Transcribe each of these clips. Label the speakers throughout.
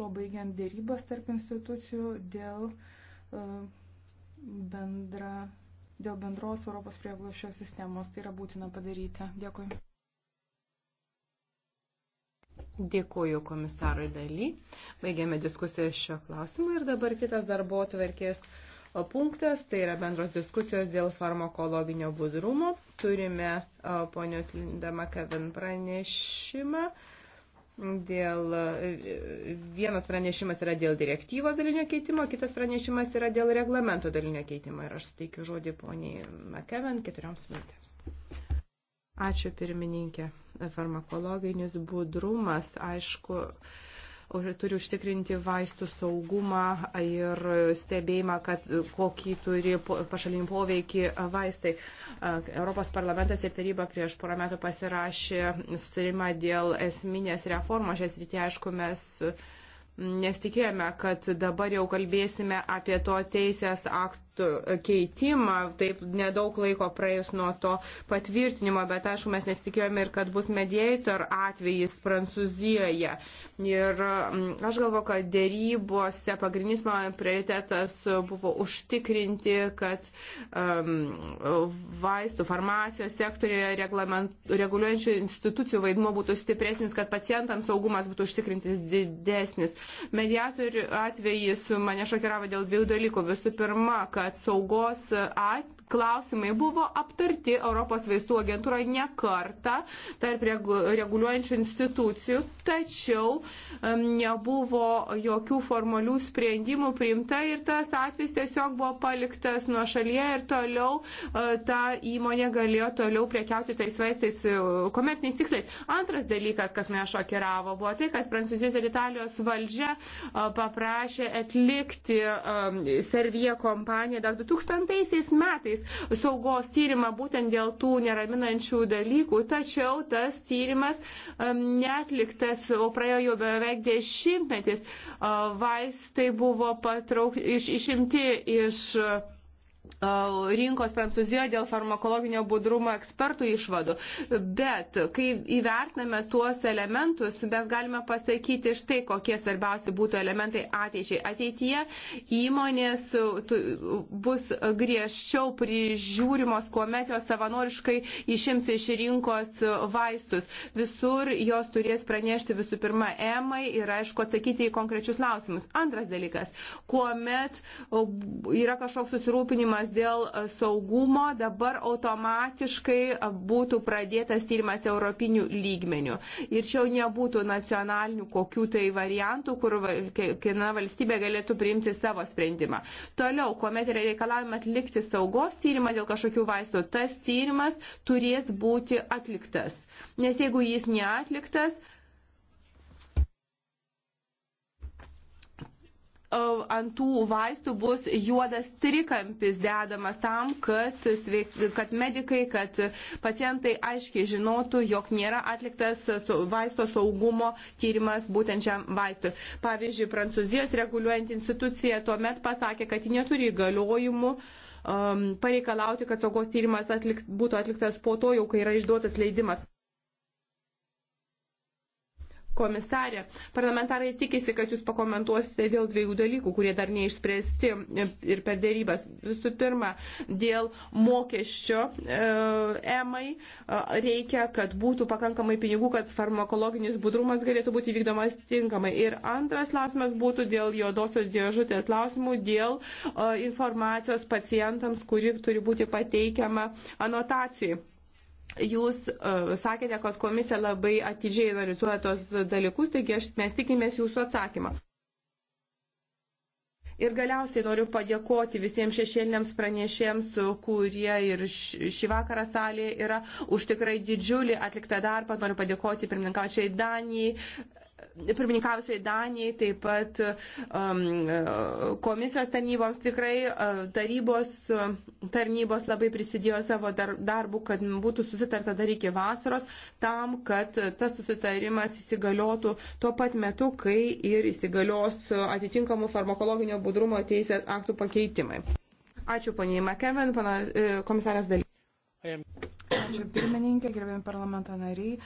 Speaker 1: to baigiant dėrybas tarp institucijų dėl, e, bendra, dėl bendros Europos prieglošio sistemos. Tai yra būtina padaryti. Dėkui.
Speaker 2: Dėkuoju komisarui daly. Baigėme diskusiją šio klausimu ir dabar kitas darbo atverkės punktas, tai yra bendros diskusijos dėl farmakologinio budrumo. Turime ponios Linda Makavin pranešimą dėl vienas pranešimas yra dėl direktyvos dalinio keitimo, kitas pranešimas yra dėl reglamento dalinio keitimo. Ir aš suteikiu žodį poniai McKevin keturioms minutėms. Ačiū pirmininkė. Farmakologinis budrumas, aišku, uh, turi užtikrinti vaistų saugumą ir stebėjimą, kad kokį turi pašalinį poveikį vaistai. Europos parlamentas ir taryba prieš porą metų pasirašė susitarimą dėl esminės reformos. Šias rytį, aišku, mes nesitikėjome, kad dabar jau kalbėsime apie to teisės aktų aktų keitimą, taip nedaug laiko praėjus nuo to patvirtinimo, bet aišku, mes nesitikėjome ir kad bus mediator atvejis Prancūzijoje. Ir mm, aš galvoju, kad dėrybose pagrindinis mano prioritetas buvo užtikrinti, kad um, vaistų farmacijos sektorėje reguliuojančių institucijų vaidmo būtų stipresnis, kad pacientams saugumas būtų užtikrintis didesnis. Mediatorių atvejis mane šokiravo dėl dviejų dalykų. Visų pirma, kad apsaugos atveju klausimai buvo aptarti Europos vaistų agentūroje ne kartą tarp reguliuojančių institucijų, tačiau nebuvo jokių formalių sprendimų priimta ir tas atvejs tiesiog buvo paliktas nuo šalyje ir toliau e, ta įmonė galėjo toliau prekiauti tais vaistais e, komerciniais tikslais. Antras dalykas, kas mane šokiravo, buvo tai, kad Prancūzijos ir Italijos valdžia e, paprašė atlikti serviją kompaniją dar 2000 metais metais saugos tyrimą būtent dėl tų neraminančių dalykų, tačiau tas tyrimas netliktas, o praėjo jau beveik dešimtmetis, vaistai buvo patraukti iš, išimti iš rinkos Prancūzijoje dėl farmakologinio budrumo ekspertų išvadų. Bet kai įvertiname tuos elementus, mes galime pasakyti štai, kokie svarbiausi būtų elementai ateičiai. Ateityje įmonės e, bus griežčiau prižiūrimos, kuomet jos savanoriškai išims iš rinkos e, vaistus. Visur jos turės pranešti visų pirma EMAI ir aišku atsakyti į konkrečius klausimus. Antras dalykas, kuomet e, yra kažkoks susirūpinimas, tyrimas dėl e, saugumo, dabar automatiškai e, būtų pradėtas tyrimas europinių lygmenių. Ir čia jau nebūtų nacionalinių kokių tai variantų, kur kiekviena valstybė galėtų priimti savo sprendimą. Toliau, kuomet yra reikalavimai atlikti saugos tyrimą dėl kažkokių vaistų, tas tyrimas turės būti atliktas. Nes jeigu jis neatliktas, ant tų vaistų bus juodas trikampis dedamas tam, kad, sveik, kad medikai, kad pacientai aiškiai žinotų, jog nėra atliktas vaisto saugumo tyrimas būtent šiam vaistui. Pavyzdžiui, Prancūzijos reguliuojant instituciją tuomet pasakė, kad ji neturi įgaliojimų um, pareikalauti, kad saugos tyrimas atlik, būtų atliktas po to, jau kai yra išduotas leidimas komisarė. Parlamentarai tikisi, kad jūs pakomentuosite dėl dviejų dalykų, kurie dar neišspręsti ir per dėrybas. Visų pirma, dėl mokesčio e, EMAI e, reikia, kad būtų pakankamai pinigų, kad farmakologinis budrumas galėtų būti vykdomas tinkamai. Ir antras klausimas būtų dėl juodosios dėžutės klausimų, dėl e, informacijos pacientams, kuri turi būti pateikiama anotacijai. Jūs uh, sakėte, kad komisija labai atidžiai analizuoja tos dalykus, taigi aš, mes tikimės jūsų atsakymą. Ir galiausiai noriu padėkoti visiems šešėliniams pranešėjams, kurie ir šį vakarą salėje yra už tikrai didžiulį atliktą darbą. Noriu padėkoti pirmininkaučiai Danijai, pirmininkavusiai Danijai, taip pat um, komisijos tarnyboms tikrai uh, tarybos uh, tarnybos labai prisidėjo savo dar, darbų, kad būtų susitarta dar iki vasaros, tam, kad tas susitarimas įsigaliotų tuo pat metu, kai ir įsigalios atitinkamų farmakologinio budrumo teisės aktų pakeitimai. Ačiū
Speaker 1: poniai McKevin,
Speaker 2: e, komisarės dalyvauja.
Speaker 1: Ačiū pirmininkė, gerbėjim parlamento nariai.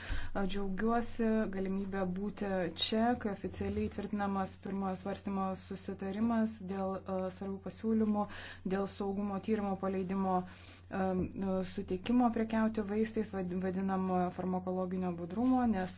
Speaker 1: Džiaugiuosi galimybę būti čia, kai oficialiai tvirtinamas pirmojo svarstymo susitarimas dėl e, svarbių pasiūlymų, dėl saugumo tyrimo paleidimo e, nu, sutikimo prekiauti vaistais vadinamojo farmakologinio budrumo, nes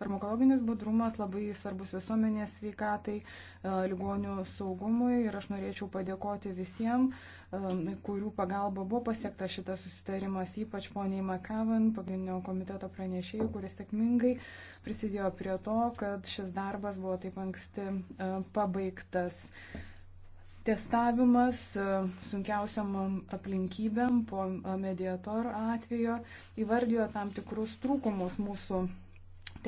Speaker 1: farmakologinis budrumas labai svarbus visuomenės sveikatai, e, ligonių saugumui ir aš norėčiau padėkoti visiems Um, kurių pagalba buvo pasiektas šitas susitarimas, ypač poniai Makavan, pagrindinio komiteto pranešėjų, kuris sėkmingai prisidėjo prie to, kad šis darbas buvo taip anksti um, pabaigtas testavimas um, sunkiausiam aplinkybėm po uh, mediatorų atvejo įvardijo tam tikrus trūkumus mūsų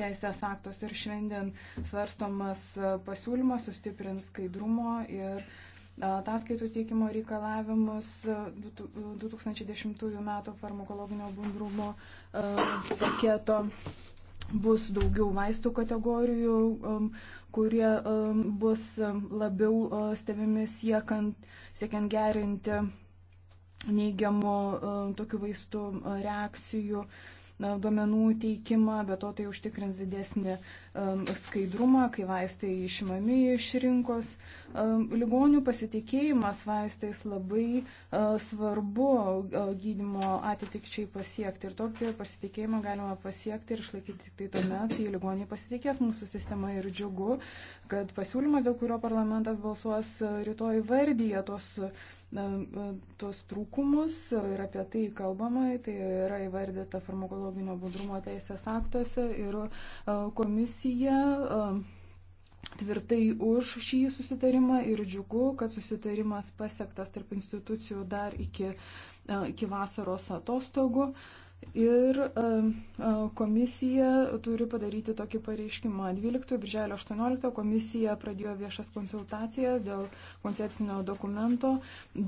Speaker 1: teisės aktos ir šiandien svarstomas uh, pasiūlymas sustiprins skaidrumo ir ataskaitų teikimo reikalavimus 2010 e, e, m. farmakologinio bendrumo e, paketo. Bus daugiau vaistų kategorijų, kurie bus labiau stebimi siekant, siekiant gerinti neigiamų tokių vaistų reakcijų duomenų teikimą, bet to tai užtikrins didesnį skaidrumą, kai vaistai išimami iš rinkos. Ligonių pasitikėjimas vaistais labai e, svarbu e, gydimo atitikčiai pasiekti ir tokį pasitikėjimą galima pasiekti ir išlaikyti tik tai tuomet, jei ligoniai pasitikės mūsų sistema ir džiugu, kad pasiūlymas, dėl kurio parlamentas balsuos e, rytoj, vardyje tos E, tuos trūkumus ir apie tai kalbama, tai yra įvardyta farmakologinio budrumo teisės aktuose ir e, komisija e, tvirtai už šį susitarimą ir džiugu, kad susitarimas pasiektas tarp institucijų dar iki, iki vasaros atostogų. Uh, Ir e, e, komisija turi padaryti tokį pareiškimą. 12 birželio 18 komisija pradėjo viešas konsultacijas dėl koncepcinio dokumento,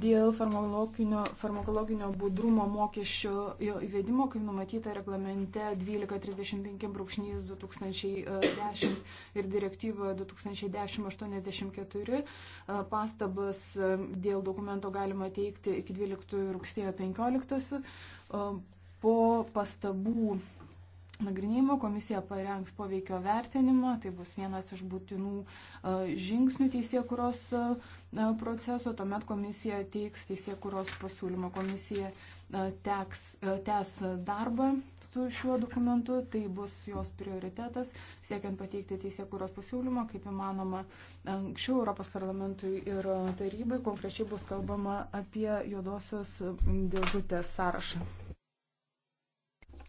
Speaker 1: dėl farmakologinio, farmakologinio budrumo mokesčio įvedimo, kaip numatyta reglamente 1235-2010 e, ir direktyvoje 2010-84. Pastabas dėl dokumento galima teikti iki 12 rugsėjo 15. Po pastabų nagrinėjimo komisija parengs poveikio vertinimą, tai bus vienas iš būtinų e, žingsnių teisėkuros e, e, proceso, tuomet komisija teiks teisėkuros pasiūlymą, komisija teks, tęs darbą su šiuo dokumentu, tai bus jos prioritetas, siekiant pateikti teisėkuros pasiūlymą, kaip įmanoma, anksčiau Europos parlamentui ir tarybai konkrečiai bus kalbama apie juodosios dėžutės sąrašą.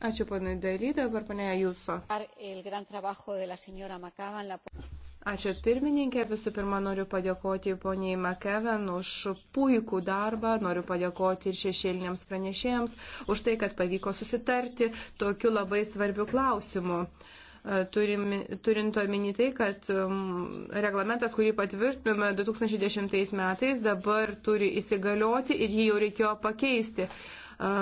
Speaker 2: Ačiū, ponai Daly, dabar ponė Jūso. Ačiū pirmininkė, visų pirma noriu padėkoti poniai McKeven už puikų darbą, noriu padėkoti ir šešėliniams pranešėjams už tai, kad pavyko susitarti tokiu labai svarbiu klausimu e, turint omeny tai, kad reglamentas, kurį patvirtinome 2010 metais, dabar turi įsigalioti ir jį jau reikėjo pakeisti. E,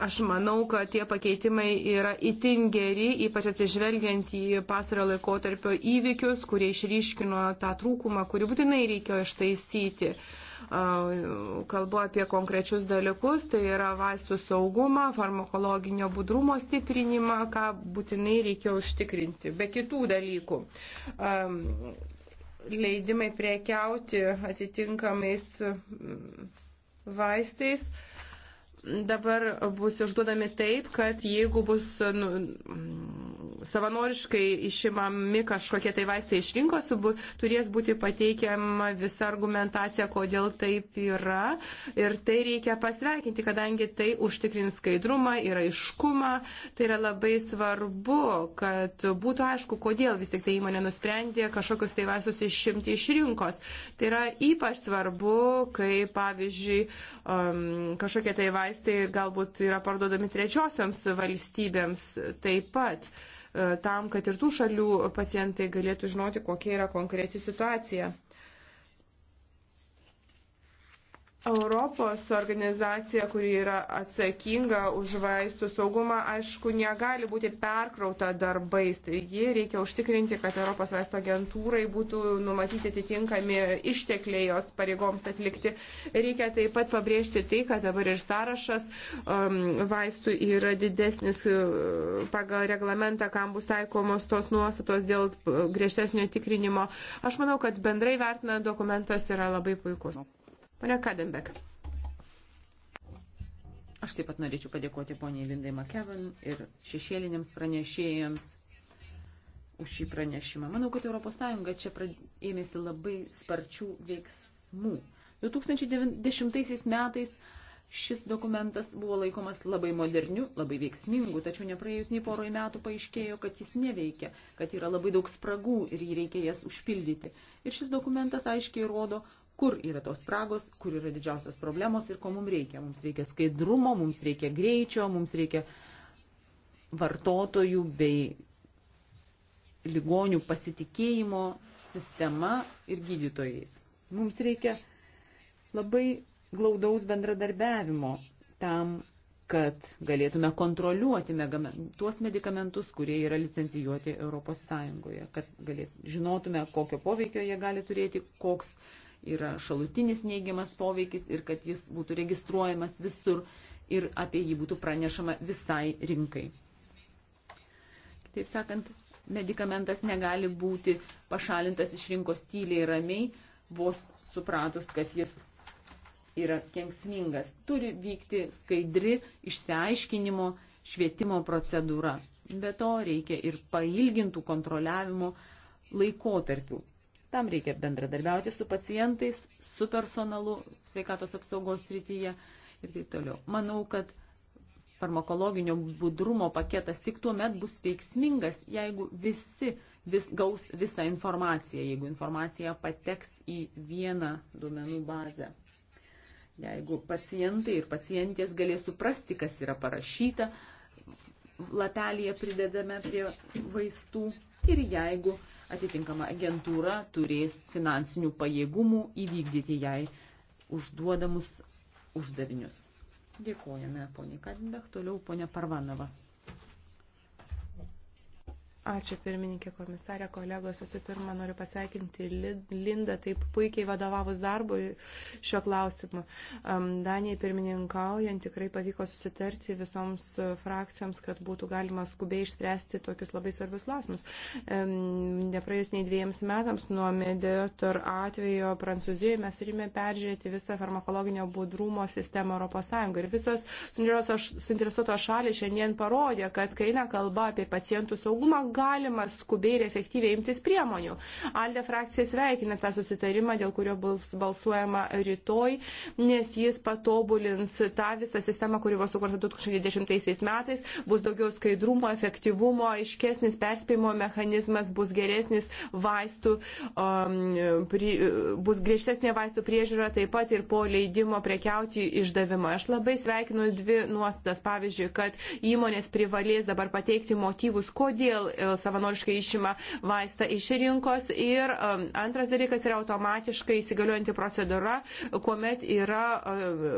Speaker 2: Aš manau, kad tie pakeitimai yra itin geri, ypač atsižvelgiant į pastarojo laikotarpio įvykius, kurie išryškino tą trūkumą, kurį būtinai reikėjo ištaisyti. Kalbu apie konkrečius dalykus, tai yra vaistų saugumą, farmakologinio budrumo stiprinimą, ką būtinai reikėjo užtikrinti, be kitų dalykų. Leidimai priekiauti atitinkamais vaistais dabar bus išduodami taip, kad jeigu bus nu, savanoriškai išimami kažkokie tai vaistai iš rinkos, bu, turės būti pateikiama visa argumentacija, kodėl taip yra. Ir tai reikia pasveikinti, kadangi tai užtikrins skaidrumą ir aiškumą. Tai yra labai svarbu, kad būtų aišku, kodėl vis tik tai įmonė nusprendė kažkokius tai vaistus išimti iš rinkos. Tai yra ypač svarbu, kai pavyzdžiui um, kažkokie tai vaistai vaistai galbūt yra parduodami trečiosioms valstybėms taip pat, e, tam, kad ir tų šalių pacientai galėtų žinoti, kokia yra konkreti situacija. Europos organizacija, kuri yra atsakinga už vaistų saugumą, aišku, negali būti perkrauta darbais. Taigi reikia užtikrinti, kad Europos vaisto agentūrai būtų numatyti atitinkami ištekliai jos pareigoms atlikti. Reikia taip pat pabrėžti tai, kad dabar ir sąrašas um, vaistų yra didesnis uh, pagal reglamentą, kam bus taikomos tos nuostatos dėl uh, griežtesnio tikrinimo. Aš manau, kad bendrai vertinant dokumentas yra labai puikus. Pane Kadenbek.
Speaker 3: Aš taip pat norėčiau padėkoti poniai Lindai McKevin ir šešėliniams pranešėjams už šį pranešimą. Manau, kad ES čia ėmėsi labai sparčių veiksmų. 2010 metais šis dokumentas buvo laikomas labai moderniu, labai veiksmingu, tačiau nepraėjus nei poroj metų paaiškėjo, kad jis neveikia, kad yra labai daug spragų ir jį reikia jas užpildyti. Ir šis dokumentas aiškiai rodo, kur yra tos spragos, kur yra didžiausios problemos ir ko mums reikia. Mums reikia skaidrumo, mums reikia greičio, mums reikia vartotojų bei ligonių pasitikėjimo sistema ir gydytojais. Mums reikia labai glaudaus bendradarbiavimo tam, kad galėtume kontroliuoti tuos medikamentus, kurie yra licencijuoti ES, kad galėt, žinotume, kokio poveikio jie gali turėti, koks uh, yra šalutinis neigiamas poveikis ir kad jis būtų registruojamas visur ir apie jį būtų pranešama visai rinkai. Taip sakant, medikamentas negali būti pašalintas iš rinkos tyliai ramiai, vos supratus, kad jis yra kenksmingas. Turi vykti skaidri išsiaiškinimo, švietimo procedūra. Be to reikia ir pailgintų kontroliavimo laikotarpių. Tam reikia bendradarbiauti su pacientais, su personalu sveikatos apsaugos srityje ir taip toliau. Manau, kad farmakologinio budrumo paketas tik tuo met bus veiksmingas, jeigu visi vis, gaus visą informaciją, jeigu informacija pateks į vieną duomenų bazę. Jeigu pacientai ir pacientės galės suprasti, kas yra parašyta, lapelėje pridedame prie vaistų ir jeigu uh, atitinkama agentūra turės finansinių pajėgumų įvykdyti jai užduodamus uždavinius. Dėkojame, ponė Kadinbech, toliau ponė Parvanova. Ačiū pirmininkė
Speaker 2: komisarė, kolegos. Visų pirma,
Speaker 3: noriu pasveikinti
Speaker 2: Lindą, taip puikiai vadovavus darbui šio klausimu. Danijai pirmininkaujant tikrai pavyko susitarti visoms frakcijoms, kad būtų galima skubiai išspręsti tokius labai svarbius klausimus. Nepraėjus nei dviejams metams nuo mediator atvejo Prancūzijoje mes turime peržiūrėti visą farmakologinio budrumo sistemą Europos Sąjungoje. Ir visos suinteresuotos šalis šiandien parodė, kad kai eina kalba apie pacientų saugumą, galima skubiai ir efektyviai imtis priemonių. Alde frakcija sveikina tą susitarimą, dėl kurio bus balsuojama rytoj, nes jis patobulins tą visą sistemą, kuri buvo sukurta 2010 metais, bus daugiau skaidrumo, efektyvumo, aiškesnis perspėjimo mechanizmas, bus geresnis vaistų, um, pri, bus griežtesnė vaistų priežiūra, taip pat ir po leidimo prekiauti išdavimą. Aš labai sveikinu dvi nuostatas, pavyzdžiui, kad įmonės privalės dabar pateikti motyvus, kodėl E, savanoriškai išima vaistą iš rinkos. Ir e, antras dalykas yra automatiškai įsigaliuojanti procedūra, kuomet yra e,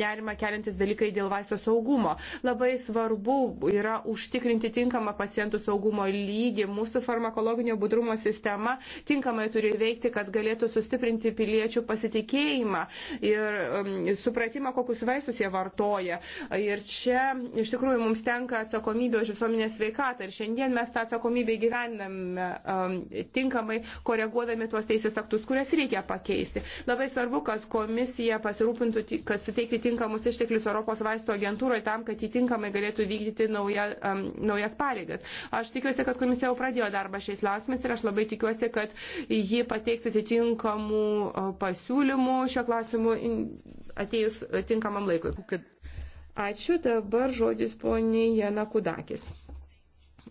Speaker 2: nerima keliantis dalykai dėl vaisto saugumo. Labai svarbu yra užtikrinti tinkamą pacientų saugumo lygį. Mūsų farmakologinio budrumo sistema tinkamai turi veikti, kad galėtų sustiprinti piliečių pasitikėjimą ir supratimą, kokius vaistus jie vartoja. Ir čia iš tikrųjų mums tenka atsakomybė už visuomenės sveikatą. Ir šiandien mes tą tą atsakomybę įgyvendiname um, tinkamai, koreguodami tuos teisės aktus, kurias reikia pakeisti. Labai svarbu, kad komisija pasirūpintų, kad suteikti tinkamus išteklius Europos vaisto agentūrai tam, kad jį tinkamai galėtų vykdyti nauja, um, naujas pareigas. Aš tikiuosi, kad komisija jau pradėjo darbą šiais klausimais ir aš labai tikiuosi, kad ji pateiks atitinkamų uh, pasiūlymų šio klausimu atėjus tinkamam laikui. Ačiū dabar žodis poniai Jana Kudakis.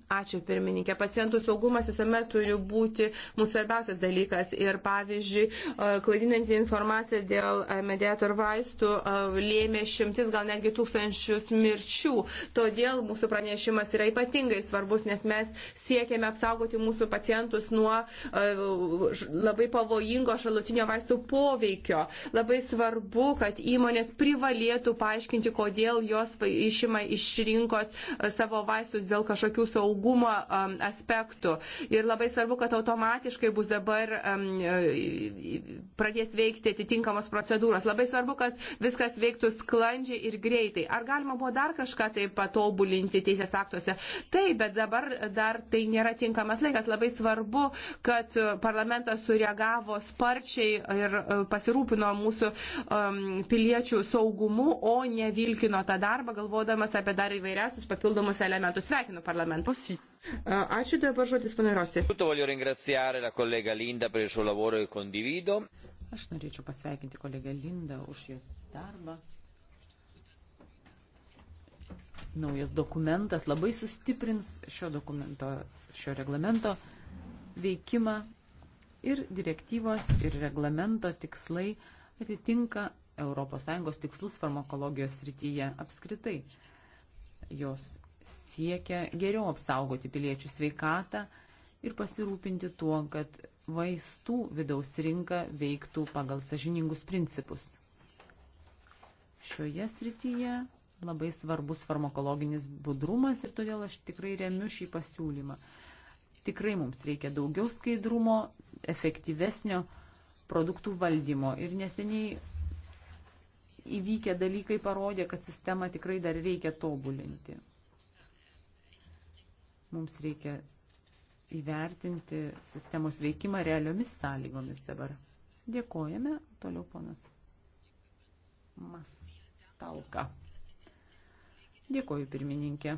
Speaker 2: Ačiū pirmininkė. Pacientų saugumas visuomet turi būti mūsų svarbiausias dalykas. Ir pavyzdžiui, e, klaidinanti informacija dėl e, mediator vaistų e, lėmė šimtis, gal netgi tūkstančius mirčių. Todėl mūsų pranešimas yra ypatingai svarbus, nes mes siekiame apsaugoti mūsų pacientus nuo labai pavojingo šalutinio vaistų poveikio. Labai svarbu, kad įmonės privalėtų paaiškinti, kodėl jos išima iš rinkos savo vaistus dėl kažkokių saugų saugumo um, aspektų. Ir labai svarbu, kad automatiškai bus dabar um, pradės veikti atitinkamos procedūros. Labai svarbu, kad viskas veiktų sklandžiai ir greitai. Ar galima buvo dar kažką tai patobulinti teisės aktuose? Taip, bet dabar dar tai nėra tinkamas laikas. Labai svarbu, kad parlamentas sureagavo sparčiai ir e, pasirūpino mūsų um, piliečių saugumu, o ne vilkino tą darbą, galvodamas apie dar įvairiausius papildomus elementus. Sveikinu
Speaker 3: parlamentą. Ačiū dabar žodis panerosi. Aš norėčiau pasveikinti kolegę Lindą už jos darbą. Naujas dokumentas labai sustiprins šio dokumento, šio reglamento veikimą ir direktyvos ir reglamento tikslai atitinka ES tikslus farmakologijos srityje apskritai. Jos siekia geriau apsaugoti piliečių sveikatą ir pasirūpinti tuo, kad vaistų vidaus rinka veiktų pagal sažiningus principus. Šioje srityje labai svarbus farmakologinis budrumas ir todėl aš tikrai remiu šį pasiūlymą. Tikrai mums reikia daugiau skaidrumo, efektyvesnio produktų valdymo ir neseniai įvykę dalykai parodė, kad sistemą tikrai dar reikia tobulinti. Mums reikia įvertinti sistemos veikimą realiomis sąlygomis dabar. Dėkojame. Toliau ponas Mastalka. Dėkoju pirmininkė.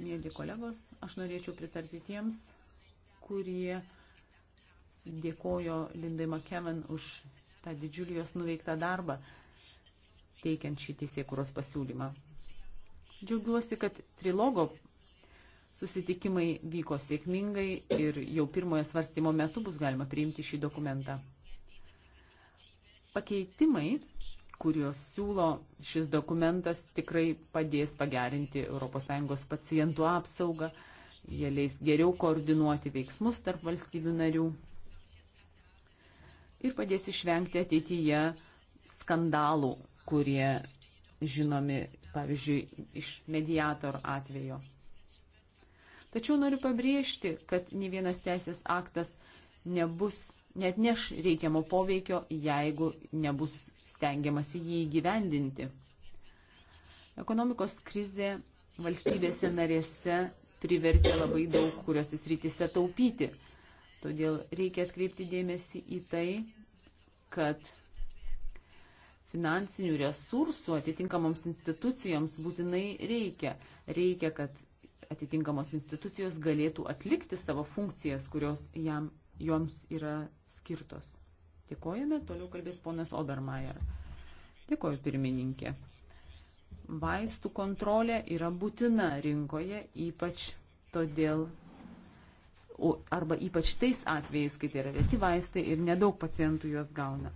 Speaker 3: Mėly kolegos, aš norėčiau pritarti tiems, kurie dėkojo Lindai McKevin už tą didžiulį jos nuveiktą darbą, teikiant šį teisėkuros pasiūlymą. Džiaugiuosi, kad trilogo Susitikimai vyko sėkmingai ir jau pirmojo svarstymo metu bus galima priimti šį dokumentą. Pakeitimai, kuriuos siūlo šis dokumentas, tikrai padės pagerinti ES pacientų apsaugą, jie leis geriau koordinuoti veiksmus tarp valstybių narių ir padės išvengti ateityje skandalų, kurie žinomi, pavyzdžiui, iš mediator atvejo. Tačiau noriu pabrėžti, kad ne vienas teisės aktas nebus, net neš reikiamo poveikio, jeigu nebus stengiamasi jį įgyvendinti. Ekonomikos krizė valstybėse narėse privertė labai daug kurios įsrytise taupyti. Todėl reikia atkreipti dėmesį į tai, kad finansinių resursų atitinkamoms institucijoms būtinai reikia. Reikia, kad atitinkamos institucijos galėtų atlikti savo funkcijas, kurios jam, joms yra skirtos. Dėkojame, toliau kalbės ponas Obermeier. Dėkoju pirmininkė. Vaistų kontrolė yra būtina rinkoje, ypač todėl, arba ypač tais atvejais, kai tai yra reti vaistai ir nedaug pacientų juos gauna.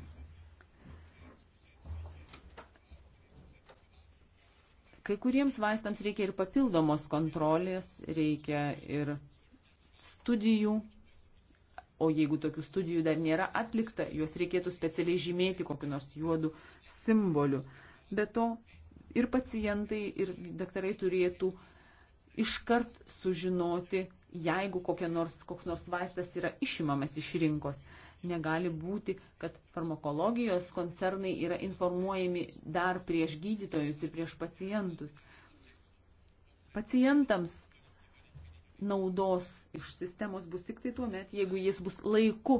Speaker 3: Kai kuriems vaistams reikia ir papildomos kontrolės, reikia ir studijų, o jeigu tokių studijų dar nėra atlikta, juos reikėtų specialiai žymėti kokiu nors juodu simboliu. Be to ir pacientai, ir daktarai turėtų iškart sužinoti, jeigu nors, koks nors vaistas yra išimamas iš rinkos. Negali būti, kad farmakologijos koncernai yra informuojami dar prieš gydytojus ir prieš pacientus. Pacientams naudos iš sistemos bus tik tai tuo met, jeigu jis bus laiku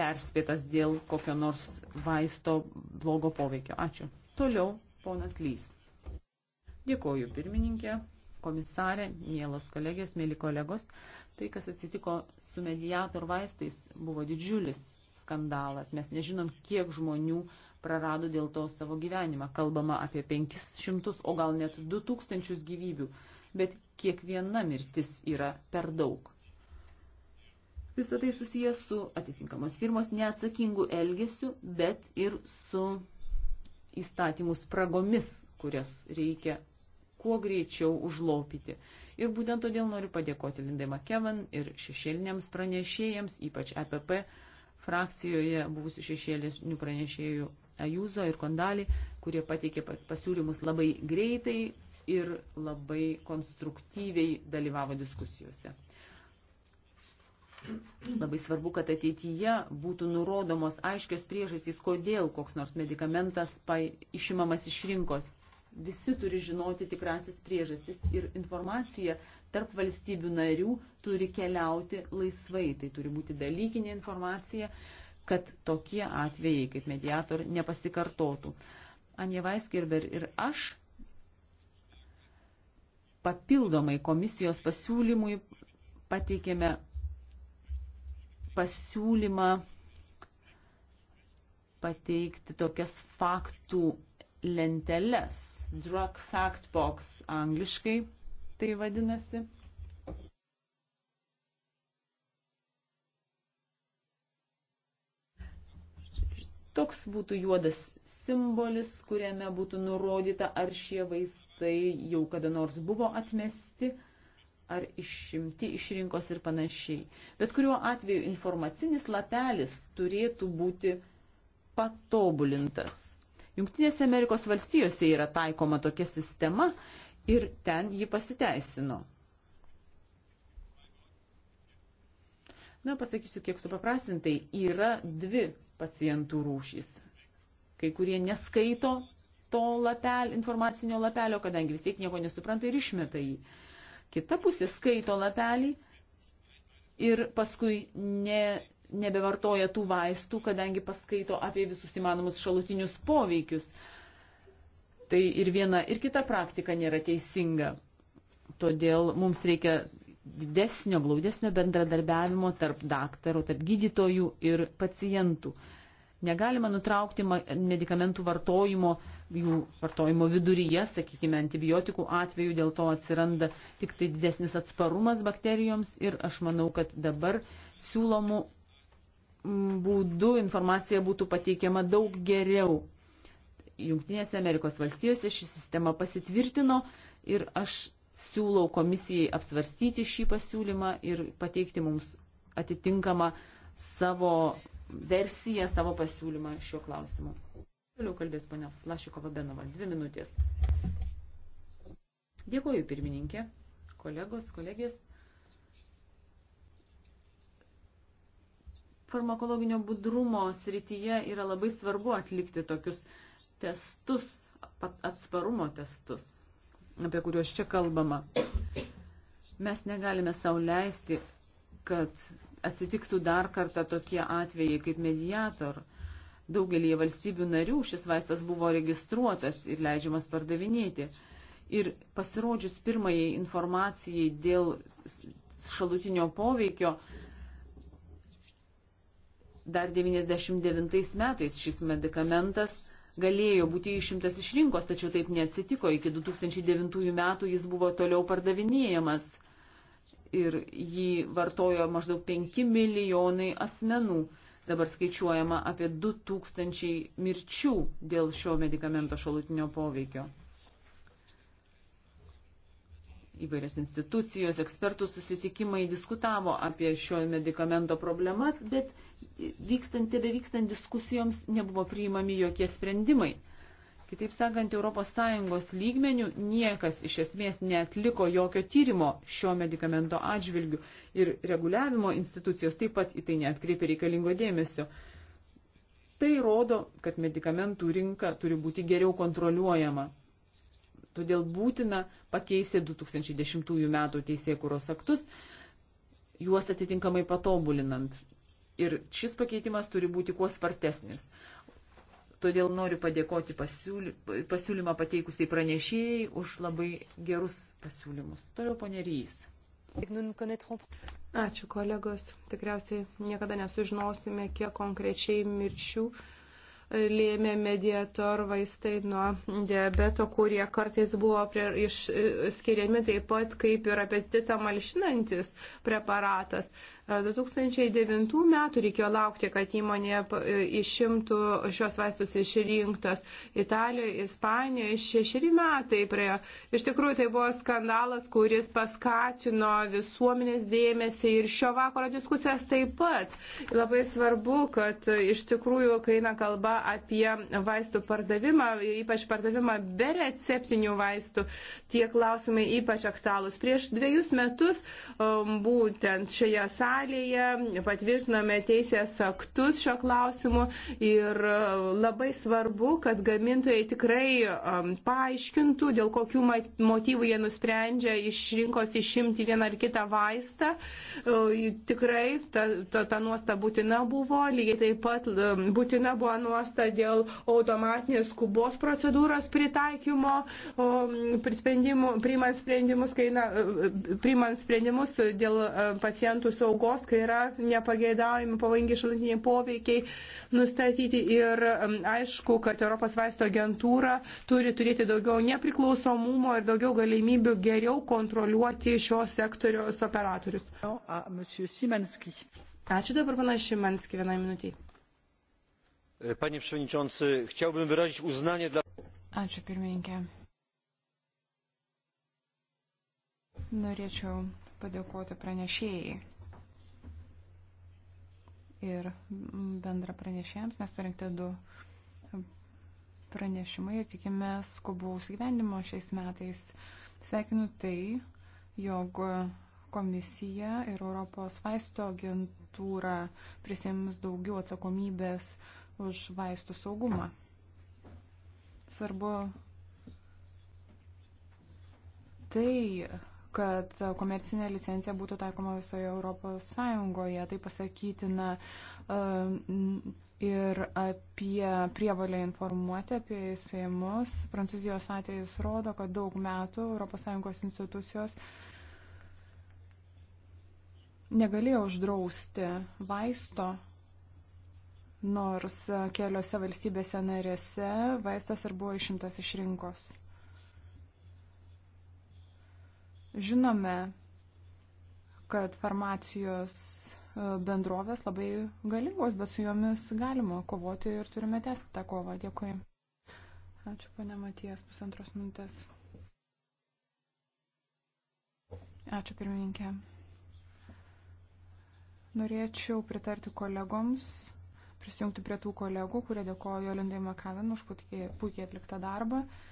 Speaker 3: perspėtas dėl kokio nors vaisto blogo poveikio. Ačiū. Toliau, ponas Lys. Dėkoju, pirmininkė, komisarė, mielos kolegės, mėly kolegos. Tai, kas atsitiko su mediator vaistais, buvo didžiulis skandalas. Mes nežinom, kiek žmonių prarado dėl to savo gyvenimą. Kalbama apie 500, o gal net 2000 gyvybių. Bet kiekviena mirtis yra per daug. Visą tai susijęs su atitinkamos firmos neatsakingų elgesių, bet ir su įstatymų spragomis, kurias reikia kuo greičiau užlopyti. Ir būtent todėl noriu padėkoti Lindai Makevan ir šešėliniams pranešėjams, ypač EPP frakcijoje buvusių šešėlinių pranešėjų Ajuzo ir Kondalį, kurie pateikė pasiūlymus labai greitai ir labai konstruktyviai dalyvavo diskusijose. Labai svarbu, kad ateityje būtų nurodomos aiškios priežastys, kodėl koks nors medikamentas išimamas iš rinkos visi turi žinoti tikrasis priežastis ir informacija tarp valstybių narių turi keliauti laisvai. Tai turi būti dalykinė informacija, kad tokie atvejai kaip mediator nepasikartotų. Anje Vaiskirber ir aš papildomai komisijos pasiūlymui pateikėme pasiūlymą pateikti tokias faktų lenteles. Drug Fact Box angliškai tai vadinasi. Toks būtų juodas simbolis, kuriame būtų nurodyta, ar šie vaistai jau kada nors buvo atmesti, ar išimti iš rinkos ir panašiai. Bet kuriuo atveju informacinis lapelis turėtų būti patobulintas. Junktinėse Amerikos valstijose yra taikoma tokia sistema ir ten ji pasiteisino. Na, pasakysiu, kiek supaprastintai, yra dvi pacientų rūšys. Kai kurie neskaito to lapel, informacinio lapelio, kadangi vis tiek nieko nesupranta ir išmeta jį. Kita pusė skaito lapelį ir paskui ne, nebevartoja tų vaistų, kadangi paskaito apie visus įmanomus šalutinius poveikius. Tai ir viena, ir kita praktika nėra teisinga. Todėl mums reikia didesnio, glaudesnio bendradarbiavimo tarp daktarų, tarp gydytojų ir pacientų. Negalima nutraukti medikamentų vartojimo, jų vartojimo viduryje, sakykime, antibiotikų atveju, dėl to atsiranda tik tai didesnis atsparumas bakterijoms ir aš manau, kad dabar siūlomų būdu informacija būtų pateikiama daug geriau. Junktinėse Amerikos valstijose ši sistema pasitvirtino ir aš siūlau komisijai apsvarstyti šį pasiūlymą ir pateikti mums atitinkamą savo versiją, savo pasiūlymą šiuo klausimu. Toliau kalbės ponia Lašikova Benova. Dvi minutės. Dėkoju pirmininkė, kolegos, kolegės. farmakologinio budrumo srityje yra labai svarbu atlikti tokius testus, atsparumo testus, apie kuriuos čia kalbama. Mes negalime sau leisti, kad atsitiktų dar kartą tokie atvejai kaip mediator. Daugelį valstybių narių šis vaistas buvo registruotas ir leidžiamas pardavinėti. Ir pasirodžius pirmajai informacijai dėl šalutinio poveikio, Dar 99 metais šis medikamentas galėjo būti išimtas iš rinkos, tačiau taip neatsitiko. Iki 2009 metų jis buvo toliau pardavinėjamas ir jį vartojo maždaug 5 milijonai asmenų. Dabar skaičiuojama apie 2000 mirčių dėl šio medikamento šalutinio poveikio įvairios institucijos, ekspertų susitikimai diskutavo apie šio medikamento problemas, bet vykstant, tebe vykstant diskusijoms nebuvo priimami jokie sprendimai. Kitaip sakant, ES lygmenių niekas iš esmės neatliko jokio tyrimo šio medikamento atžvilgių ir reguliavimo institucijos taip pat į tai neatkreipė reikalingo dėmesio. Tai rodo, kad medikamentų rinka turi būti geriau kontroliuojama. Todėl būtina pakeisti 2010 m. teisėkuros aktus, juos atitinkamai patobulinant. Ir šis pakeitimas turi būti kuo spartesnis. Todėl noriu padėkoti pasiūly, pasiūlymą pateikusiai pranešėjai už labai gerus pasiūlymus. Toliau ponerys.
Speaker 2: Ačiū kolegos. Tikriausiai niekada nesužinosime, kiek konkrečiai mirčių uh, lėmė mediator vaistai nuo diabeto, kurie kartais buvo prie, iš, skiriami taip pat kaip ir apetitą malšinantis preparatas. 2009 metų reikėjo laukti, kad įmonė e, išimtų šios vaistus iš rinktos. Italijoje, Ispanijoje šešeri metai praėjo. Iš tikrųjų, tai buvo skandalas, kuris paskatino visuomenės dėmesį ir šio vakaro diskusijas taip pat. Labai svarbu, kad e, iš tikrųjų, kai eina kalba apie vaistų pardavimą, ypač pardavimą be receptinių vaistų, tie klausimai ypač aktualūs. Prieš dviejus metus um, būtent šioje sąlygoje salėje, patvirtinome teisės aktus šio klausimu ir e, labai svarbu, kad gamintojai tikrai paaiškintų, dėl kokių motyvų jie nusprendžia iš rinkos išimti vieną ar kitą vaistą. E, tikrai ta, ta, ta nuosta būtina buvo, lygiai taip pat būtina buvo nuosta dėl automatinės skubos procedūros pritaikymo, priimant sprendimus, kai, na, e, priimant sprendimus dėl pacientų saugos aplinkos, kai yra nepageidaujami pavojingi šalutiniai poveikiai nustatyti. Ir um, aišku, kad Europos vaisto agentūra turi turėti daugiau nepriklausomumo ir daugiau galimybių geriau kontroliuoti šios sektoriaus operatorius. Ačiū dabar panašiai Manski vienai minutiai. E, panie Przewodniczący, chciałbym wyrazić uznanie dla.
Speaker 1: Ačiū pirmininkė. Norėčiau padėkoti pranešėjai ir bendra pranešėjams, nes parengti du pranešimai ir tikimės skubaus gyvenimo šiais metais. Sveikinu tai, jog komisija ir Europos vaisto agentūra prisims daugiau atsakomybės už vaistų saugumą. Svarbu tai, kad komercinė licencija būtų taikoma visoje Europos Sąjungoje. Tai pasakytina um, ir apie prievalę informuoti apie įspėjimus. Prancūzijos atvejus rodo, kad daug metų Europos Sąjungos institucijos negalėjo uždrausti vaisto nors keliose valstybėse narėse vaistas ir buvo išimtas iš rinkos. Žinome, kad farmacijos e, bendrovės labai galingos, bet su jomis galima kovoti ir turime tęsti tą kovą. Dėkui. Ačiū, ponė Matijas, pusantros minutės. Ačiū, pirmininkė. Norėčiau pritarti kolegoms, prisijungti prie tų kolegų, kurie dėkojo Lindai Makavin už puikiai atliktą darbą. Uh,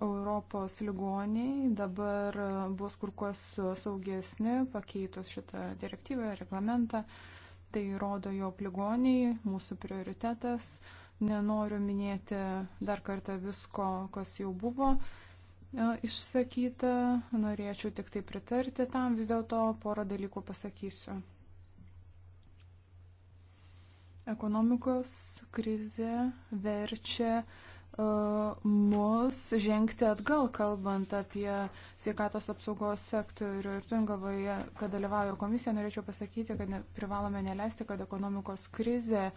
Speaker 1: Europos ligoniai dabar e, bus kur kas saugesni pakeitus šitą direktyvą, reglamentą. Tai rodo, jog ligoniai mūsų prioritetas. Nenoriu minėti dar kartą visko, kas jau buvo e, išsakyta. Norėčiau tik tai pritarti tam, vis dėlto porą dalykų pasakysiu. Ekonomikos krizė verčia uh, E, mus žengti atgal, kalbant apie sveikatos apsaugos sektorių. Ir turint galvoje, kad dalyvauja komisija, norėčiau pasakyti, kad ne, privalome neleisti, kad ekonomikos krizė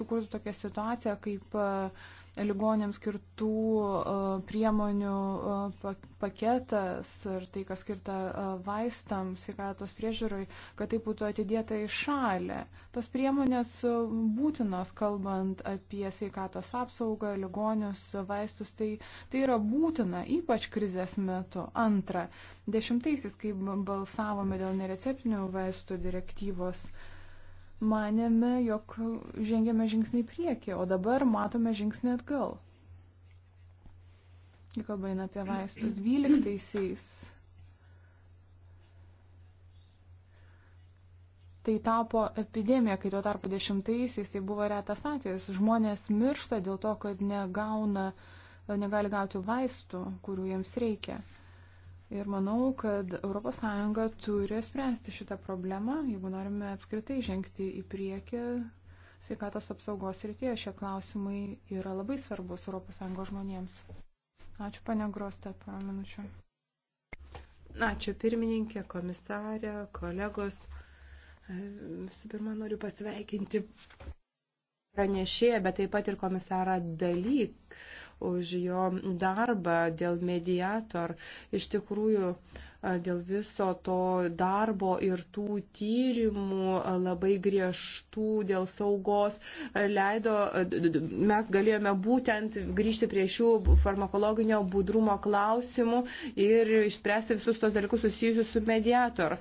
Speaker 1: sukurtų tokią situaciją, kaip uh, ligonėms skirtų e, priemonių e, paketas ir tai, kas skirta e, vaistams, sveikatos priežiūrai, kad tai būtų atidėta į šalį. Tos priemonės būtinos, kalbant apie sveikatos apsaugą, ligonius, vaistus, tai, tai yra būtina, ypač krizės metu. Antra, dešimtaisiais, kai balsavome dėl nereceptinių vaistų direktyvos, uh, manėme, jog žengėme žingsnį į priekį, o dabar matome žingsnį atgal. Kai kalba eina apie vaistus 12-aisiais, tai tapo epidemija, kai tuo tarpu 10-aisiais tai buvo retas atvejis. Žmonės miršta dėl to, kad negauna, negali gauti vaistų, kurių jiems reikia. Ir manau, kad ES turi spręsti šitą problemą, jeigu norime apskritai žengti į priekį sveikatos apsaugos rytyje. Šie klausimai yra labai svarbus ES žmonėms. Ačiū, pane Grostė, porą minučių.
Speaker 2: Ačiū, pirmininkė, komisarė, kolegos. Visų pirma, noriu pasveikinti pranešėją, bet taip pat ir komisarą dalyk už jo darbą dėl mediator. Iš tikrųjų, uh, dėl viso to darbo ir tų tyrimų labai griežtų dėl saugos leido, mes galėjome būtent grįžti prie šių farmakologinio budrumo klausimų ir išspręsti visus tos dalykus susijusius su mediator.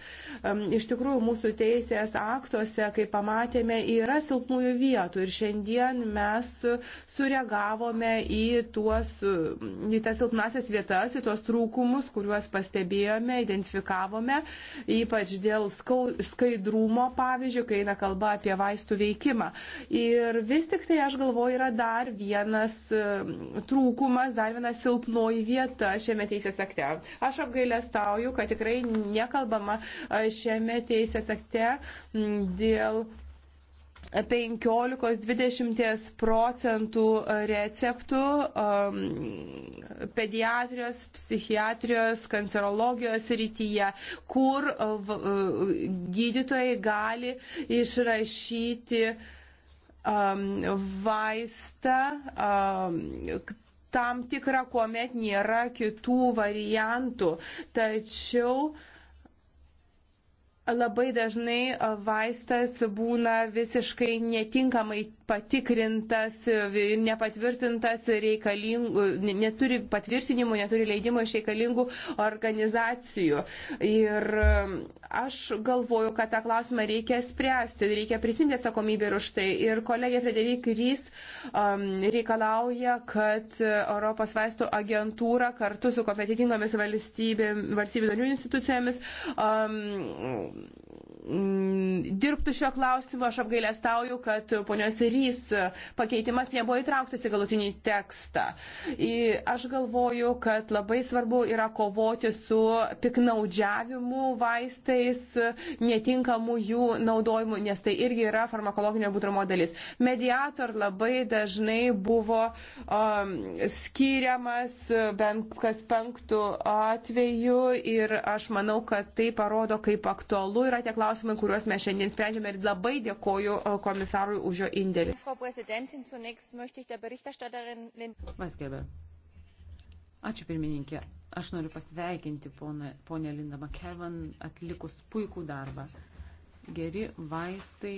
Speaker 2: Iš tikrųjų, mūsų teisės aktuose, kaip pamatėme, yra silpnųjų vietų ir šiandien mes sureagavome į, tuos, į tas silpnasias vietas, į tuos trūkumus, kuriuos pastebėjome radome, identifikavome, ypač dėl skaidrumo, pavyzdžiui, kai eina kalba apie vaistų veikimą. Ir vis tik tai, aš galvoju, yra dar vienas e, trūkumas, dar viena silpnoji vieta šiame teisės akte. Aš apgailestauju, kad tikrai nekalbama e, šiame teisės akte dėl 15-20 procentų e, receptų um, pediatrijos, psichiatrijos, kancerologijos rytyje, kur uh, gydytojai gali išrašyti um, vaistą. Um, tam tikrą, kuomet nėra kitų variantų. Tačiau uh, labai dažnai vaistas būna visiškai netinkamai patikrintas, nepatvirtintas, neturi patvirtinimų, neturi leidimo iš reikalingų organizacijų. Ir um, aš galvoju, kad tą klausimą reikia spręsti, reikia prisimti atsakomybę ir už tai. Ir kolegė Frederik Rys um, reikalauja, kad Europos vaistų agentūra kartu su kompetitingomis valstybių narių institucijomis um, Mm, dirbtų šio klausimu. Aš apgailestauju, kad ponios Rys pakeitimas nebuvo įtrauktas į galutinį tekstą. Aš galvoju, kad labai svarbu yra kovoti su piknaudžiavimu vaistais, netinkamu jų naudojimu, nes tai irgi yra farmakologinio būdrumo dalis. Mediator labai dažnai buvo um, skiriamas bent kas penktų atveju ir aš manau, kad tai parodo, kaip aktualu yra tie klausimai klausimai, kuriuos mes šiandien sprendžiame ir labai dėkoju e,
Speaker 3: komisarui už jo indėlį. Ačiū pirmininkė. Aš noriu pasveikinti ponę Lindą McKevin atlikus puikų darbą. Geri vaistai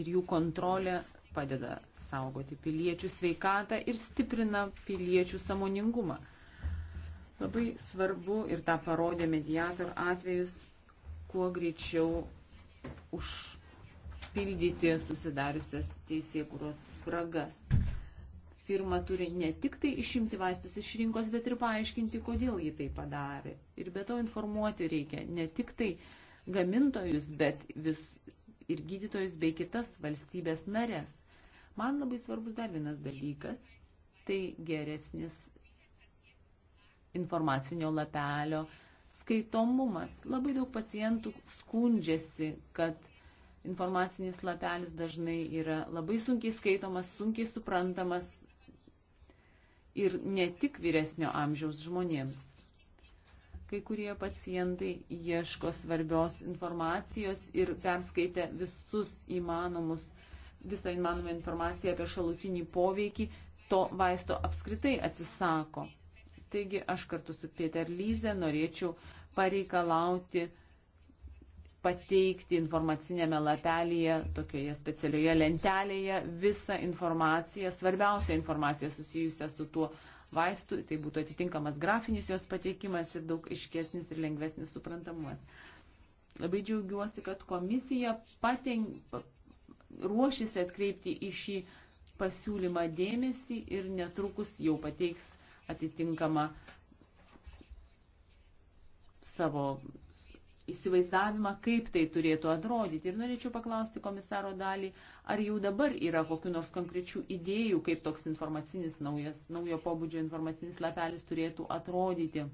Speaker 3: ir jų kontrolė padeda saugoti piliečių sveikatą ir stiprina piliečių samoningumą. Labai svarbu ir tą parodė mediator atvejus kuo greičiau užpildyti susidariusias teisėkuros spragas. Firma turi ne tik tai išimti vaistus iš rinkos, bet ir paaiškinti, kodėl ji tai padarė. Ir be to informuoti reikia ne tik tai gamintojus, bet vis ir gydytojus bei kitas valstybės narės. Man labai svarbus dar vienas dalykas - tai geresnis informacinio lapelio skaitomumas. Labai daug pacientų skundžiasi, kad informacinis lapelis dažnai yra labai sunkiai skaitomas, sunkiai suprantamas ir ne tik vyresnio amžiaus žmonėms. Kai kurie pacientai ieško svarbios informacijos ir perskaitę visus įmanomus, visą įmanomą informaciją apie šalutinį poveikį, to vaisto apskritai atsisako. Taigi aš kartu su Peter Lyze norėčiau pareikalauti pateikti informacinėme lapelėje, tokioje specialioje lentelėje visą informaciją, svarbiausią informaciją susijusią su tuo vaistu, tai būtų atitinkamas grafinis jos pateikimas ir daug iškesnis ir lengvesnis suprantamumas. Labai džiaugiuosi, kad komisija patenk, ruošiasi atkreipti į šį pasiūlymą dėmesį ir netrukus jau pateiks atitinkamą savo įsivaizdavimą, kaip tai turėtų atrodyti. Ir norėčiau paklausti komisaro dalį, ar jau dabar yra kokiu nors konkrečių idėjų, kaip toks informacinis naujas, naujo pobūdžio informacinis lapelis turėtų atrodyti.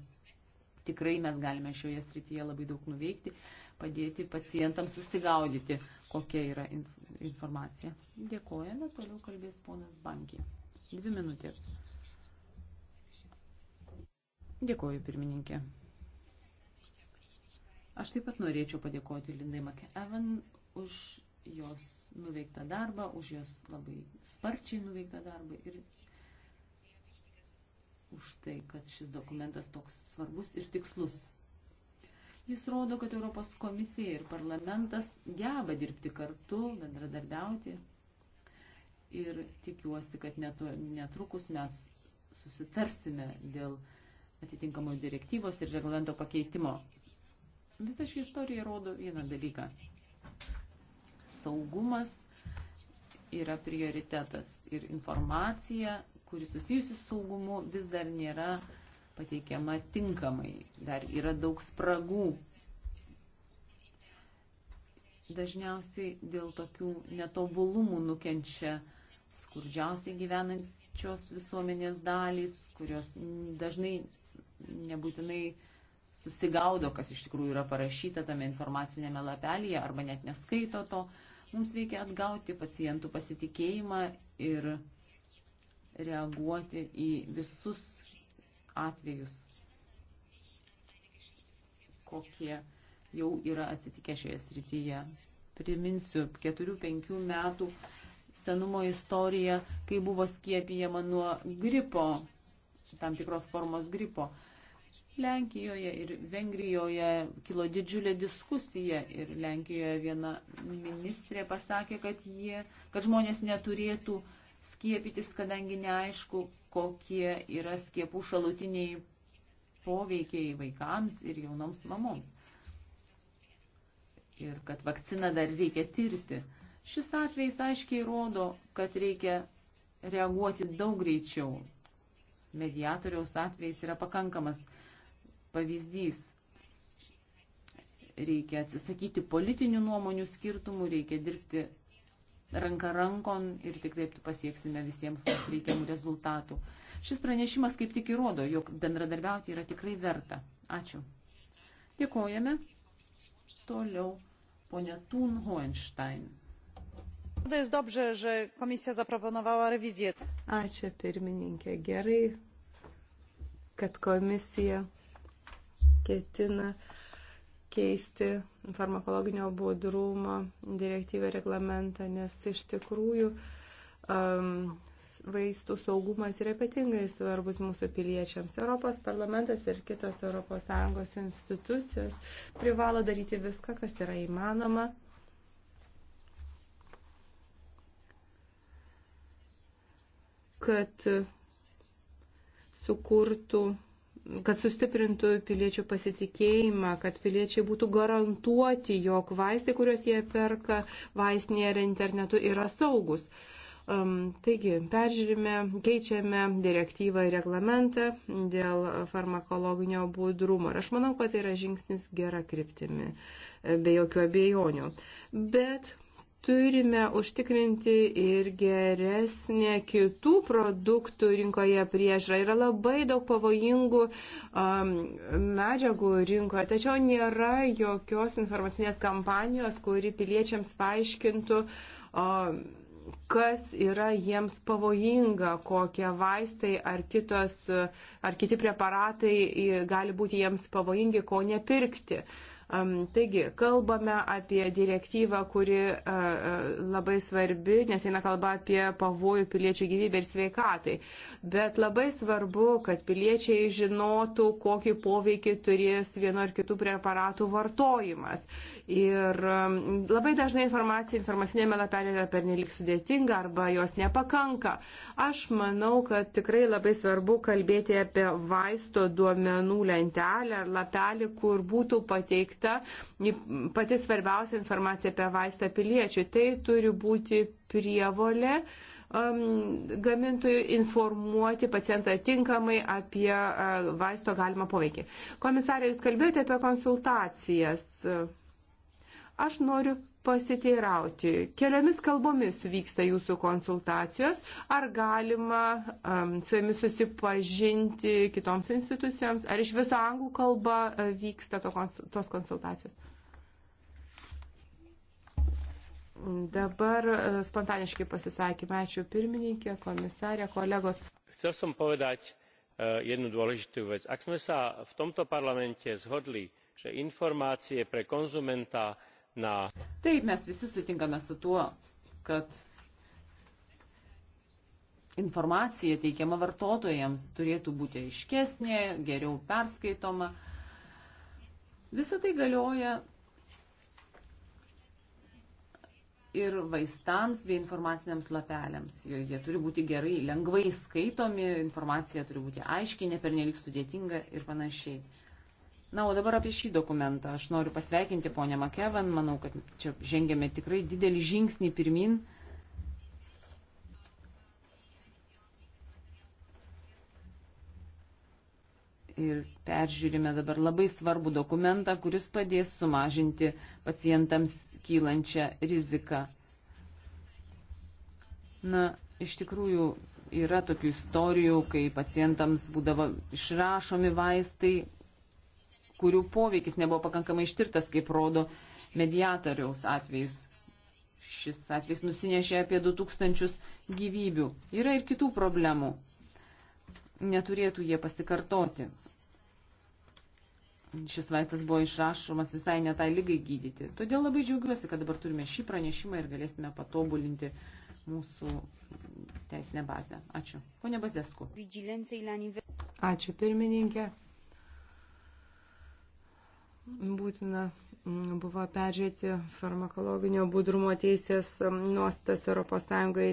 Speaker 3: Tikrai mes galime šioje srityje labai daug nuveikti, padėti pacientams susigaudyti, kokia yra inf informacija. Dėkojame, toliau kalbės ponas Bankė. Dvi minutės. Dėkoju, pirmininkė. Aš taip pat norėčiau padėkoti Lindai McEwan už jos nuveiktą darbą, už jos labai sparčiai nuveiktą darbą ir už tai, kad šis dokumentas toks svarbus ir tikslus. Jis rodo, kad Europos komisija ir parlamentas geba dirbti kartu, bendradarbiauti. Ir tikiuosi, kad netrukus mes susitarsime dėl atitinkamo direktyvos ir reglamento pakeitimo. Visa ši istorija rodo vieną dalyką. Saugumas yra prioritetas ir informacija, kuri susijusi su saugumu, vis dar nėra pateikiama tinkamai. Dar yra daug spragų. Dažniausiai dėl tokių netobulumų nukenčia skurdžiausiai gyvenančios visuomenės dalys, kurios dažnai nebūtinai susigaudo, kas iš tikrųjų yra parašyta tame informacinėme lapelėje arba net neskaito to. Mums reikia atgauti pacientų pasitikėjimą ir reaguoti į visus atvejus, kokie jau yra atsitikę šioje srityje. Priminsiu, 4-5 metų senumo istoriją, kai buvo skiepijama nuo gripo, tam tikros formos gripo Lenkijoje ir Vengrijoje kilo didžiulė diskusija ir Lenkijoje viena ministrė pasakė, kad, jie, kad žmonės neturėtų skiepytis, kadangi neaišku, kokie yra skiepų šalutiniai poveikiai vaikams ir jaunoms mamoms. Ir kad vakciną dar reikia tirti. Šis atvejs aiškiai rodo, kad reikia reaguoti daug greičiau. Mediatoriaus atvejs yra pakankamas pavyzdys. Reikia atsisakyti politinių nuomonių skirtumų, reikia dirbti ranka rankon ir tik taip pasieksime visiems mums reikiamų rezultatų. Šis pranešimas kaip tik įrodo, jog bendradarbiauti yra tikrai verta. Ačiū. Dėkojame. Toliau ponia Thun Hohenstein.
Speaker 2: Ačiū pirmininkė. Gerai, kad komisija ketina keisti farmakologinio budrumo direktyvą reglamentą, nes iš tikrųjų um, vaistų saugumas yra ypatingai svarbus mūsų piliečiams. Europos parlamentas ir kitos ES institucijos privalo daryti viską, kas yra įmanoma. kad sukurtų kad sustiprintų piliečių pasitikėjimą, kad piliečiai būtų garantuoti, jog vaistai, kuriuos jie perka vaistinėje ar internetu, yra saugus. Um, taigi, peržiūrime, keičiame direktyvą ir reglamentą dėl farmakologinio budrumo. Ir aš manau, kad tai yra žingsnis gera kryptimi, be jokių abejonių. Bet turime užtikrinti ir geresnę kitų produktų rinkoje priežą. Yra labai daug pavojingų um, medžiagų rinkoje, tačiau nėra jokios informacinės kampanijos, kuri piliečiams paaiškintų. Um, kas yra jiems pavojinga, kokie vaistai ar, kitos, ar kiti preparatai gali būti jiems pavojingi, ko nepirkti. Uh, Taigi, kalbame apie direktyvą, kuri labai svarbi, nes eina kalba apie pavojų piliečių gyvybę ir sveikatai. Bet labai svarbu, kad piliečiai žinotų, kokį poveikį turės vieno ar kitų preparatų vartojimas. Ir labai dažnai informacija informacinėme lapelė yra pernelik sudėtinga arba jos nepakanka. Aš manau, kad tikrai labai svarbu kalbėti apie vaisto duomenų lentelę ar lapelį, kur būtų pateikti pateikta pati svarbiausia informacija apie vaistą piliečiui. Tai turi būti prievolė um, gamintojų informuoti pacientą tinkamai apie vaisto galimą poveikį. Komisarė, jūs kalbėjote apie konsultacijas. Aš noriu pasiteirauti, keliomis kalbomis vyksta jūsų konsultacijos, ar galima um, su jomis susipažinti kitoms institucijoms, ar iš viso anglų kalba uh, vyksta to, tos konsultacijos. Dabar uh, spontaniškai pasisakymą. Ačiū pirmininkė, komisarė, kolegos. Chcel som povedať uh, jednu dôležitú vec. Ak sme sa v tomto parlamente zhodli, že informácie pre konzumenta na.
Speaker 3: Taip, mes visi sutinkame su tuo, kad informacija teikiama vartotojams turėtų būti aiškesnė, geriau perskaitoma. Visą tai galioja ir vaistams bei informaciniams lapeliams. Jie turi būti gerai, lengvai skaitomi, informacija turi būti aiškiai, nepernelik sudėtinga ir panašiai. Na, o dabar apie šį dokumentą. Aš noriu pasveikinti ponę Makevan. Manau, kad čia žengėme tikrai didelį žingsnį pirmin. ir peržiūrime dabar labai svarbų dokumentą, kuris padės sumažinti pacientams kylančią riziką. Na, iš tikrųjų yra tokių istorijų, kai pacientams būdavo išrašomi vaistai, kurių poveikis nebuvo pakankamai ištirtas, kaip rodo mediatoriaus atvejais. Šis atvejs nusinešė apie 2000 gyvybių. Yra ir kitų problemų. Neturėtų jie pasikartoti. Šis vaistas buvo išrašomas visai ne tai lygai gydyti. Todėl labai džiaugiuosi, kad dabar turime šį pranešimą ir galėsime patobulinti mūsų teisinę bazę. Ačiū. Pone Bazesku. Ačiū pirmininkė
Speaker 2: būtina mm, buvo peržiūrėti farmakologinio budrumo teisės mm, nuostas ES,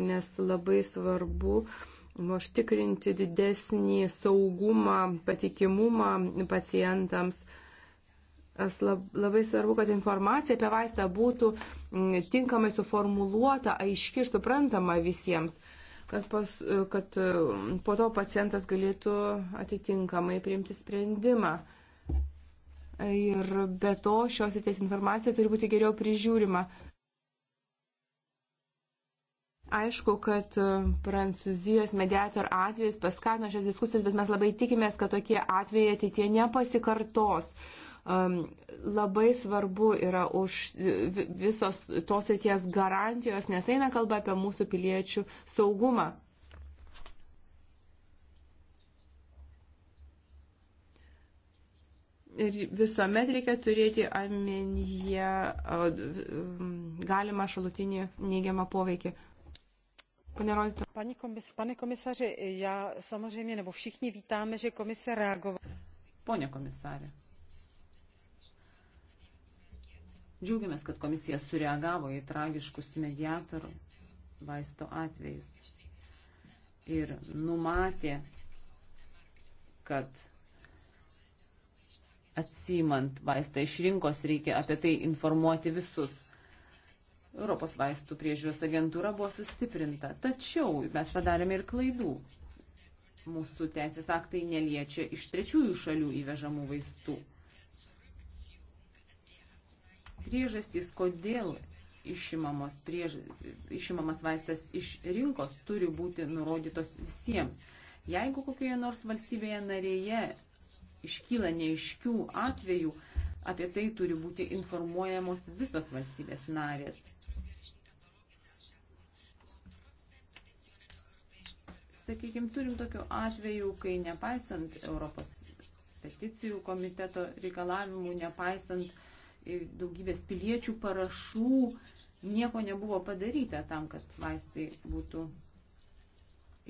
Speaker 2: nes labai svarbu užtikrinti didesnį saugumą, patikimumą pacientams. Labai svarbu, kad informacija apie vaistą būtų mm, tinkamai suformuluota, aiški ir suprantama visiems kad, pas, kad po to pacientas galėtų atitinkamai priimti sprendimą ir be to šios įties informacija turi būti geriau prižiūrima. Aišku, kad e, Prancūzijos mediator atvejais paskatino šias diskusijas, bet mes labai tikimės, kad tokie atvejai ateitie nepasikartos. Um, labai svarbu yra už e, visos tos ryties garantijos, nes eina kalba apie mūsų piliečių saugumą. Ir visuomet reikia turėti omenyje galima šalutinį neigiamą poveikį.
Speaker 3: Pane, komis, pane komisaři, já samozřejmě, nebo všichni vítáme, že komise reagovala. Pone komisarė. Džiaugiamės, kad komisija sureagavo į tragiškus mediatorų vaisto atvejus ir numatė, kad atsimant vaistą iš rinkos reikia apie tai informuoti visus. Europos vaistų priežiūros agentūra buvo sustiprinta, tačiau mes padarėme ir klaidų. Mūsų teisės aktai neliečia iš trečiųjų šalių įvežamų vaistų. Priežastys, kodėl priež... išimamas vaistas iš rinkos, turi būti nurodytos visiems. Jeigu kokioje nors valstybėje narėje iškyla neiškių atvejų, apie tai turi būti informuojamos visos valstybės narės. Sakykime, turim tokių atvejų, kai nepaisant Europos peticijų komiteto reikalavimų, nepaisant e, daugybės piliečių parašų, nieko nebuvo padaryta tam, kad vaistai būtų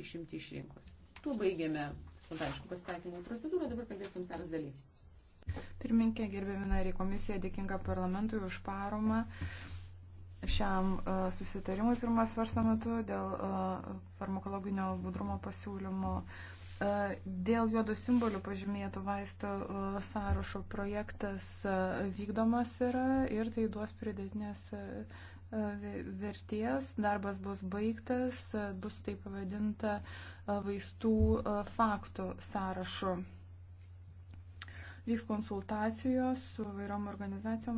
Speaker 3: išimti iš rinkos. Tuo baigėme Tada, aišku, pasitaikinimo procedūra, dabar kalbės komisaras daly.
Speaker 1: Pirminkė, gerbėmi nariai, komisija dėkinga parlamentui už paromą šiam e, susitarimui pirmą svarstą metu dėl e, farmakologinio budrumo pasiūlymo. E, dėl juodo simbolių pažymėto vaisto sąrašo projektas vykdomas yra ir tai duos pridėtinės E, verties, darbas bus baigtas, e, bus taip pavadinta e, vaistų faktų sąrašu vyks konsultacijos su vairiom organizacijom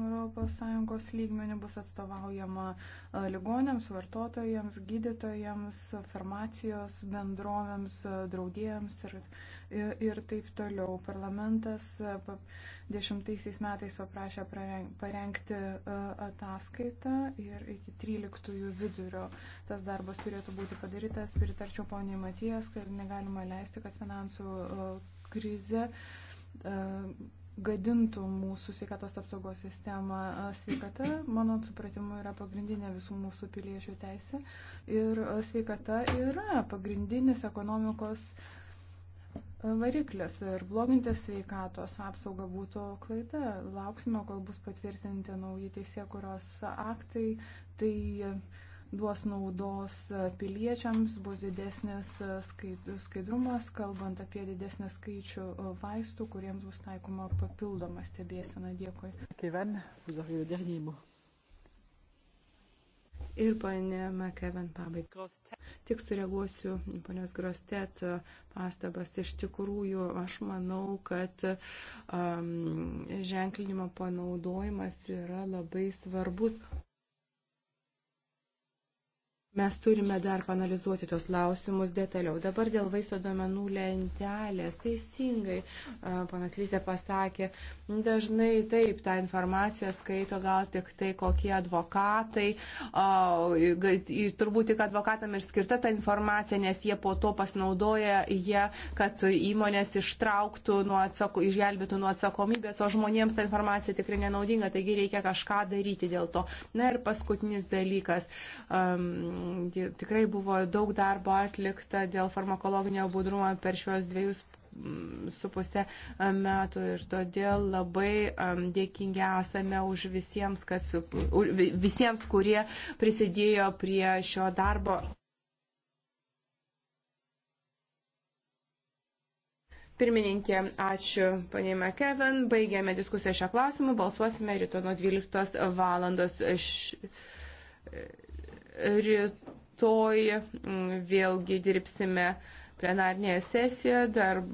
Speaker 1: ES lygmenių, bus atstovaujama e, ligonėms, vartotojams, gydytojams, farmacijos bendrovėms, e, draudėjams ir, ir, ir taip toliau. Parlamentas e, dešimtaisiais metais paprašė parengti ataskaitą ir iki 13 vidurio tas darbas turėtų būti padarytas. Pritarčiau poniai Matijas, kad negalima leisti, kad finansų krize E, gadintų mūsų sveikatos apsaugos sistemą. E, sveikata, mano supratimu, yra pagrindinė visų mūsų piliečių teisė ir e, sveikata yra pagrindinis ekonomikos variklis ir blogintis sveikatos apsauga būtų klaida. Lauksime, kol bus patvirtinti nauji teisė, kurios aktai. Tai, uh, duos naudos piliečiams, bus didesnis skaidrumas, kalbant apie didesnį skaičių vaistų, kuriems bus taikoma papildoma stebėsena. Dėkui. Kevan,
Speaker 2: Ir ponė Makeven pabaigai. Tik sureaguosiu ponios Grostet pastabas. Iš tikrųjų, aš manau, kad um, ženklinimo panaudojimas yra labai svarbus. Mes turime dar panalizuoti tos klausimus detaliau. Dabar dėl vaisto duomenų lentelės. Teisingai, panas Lysė pasakė, dažnai taip tą informaciją skaito gal tik tai kokie advokatai. Ir turbūt tik advokatam ir skirta ta informacija, nes jie po to pasinaudoja jie, kad įmonės ištrauktų, nuo atsako, išgelbėtų nuo atsakomybės, o žmonėms ta informacija tikrai nenaudinga, taigi reikia kažką daryti dėl to. Na ir paskutinis dalykas. Um, tikrai buvo daug darbo atlikta dėl farmakologinio budrumo per šiuos dviejus mm, su pusę e, metų ir todėl labai e, dėkingi esame už visiems, kas, visiems, kurie prisidėjo prie šio darbo. Pirmininkė, ačiū panė McKevin. Baigėme diskusiją šio klausimu. Balsuosime ryto nuo 12 valandos. Š
Speaker 3: rytoj mm, vėlgi dirbsime plenarnėje sesijoje, dar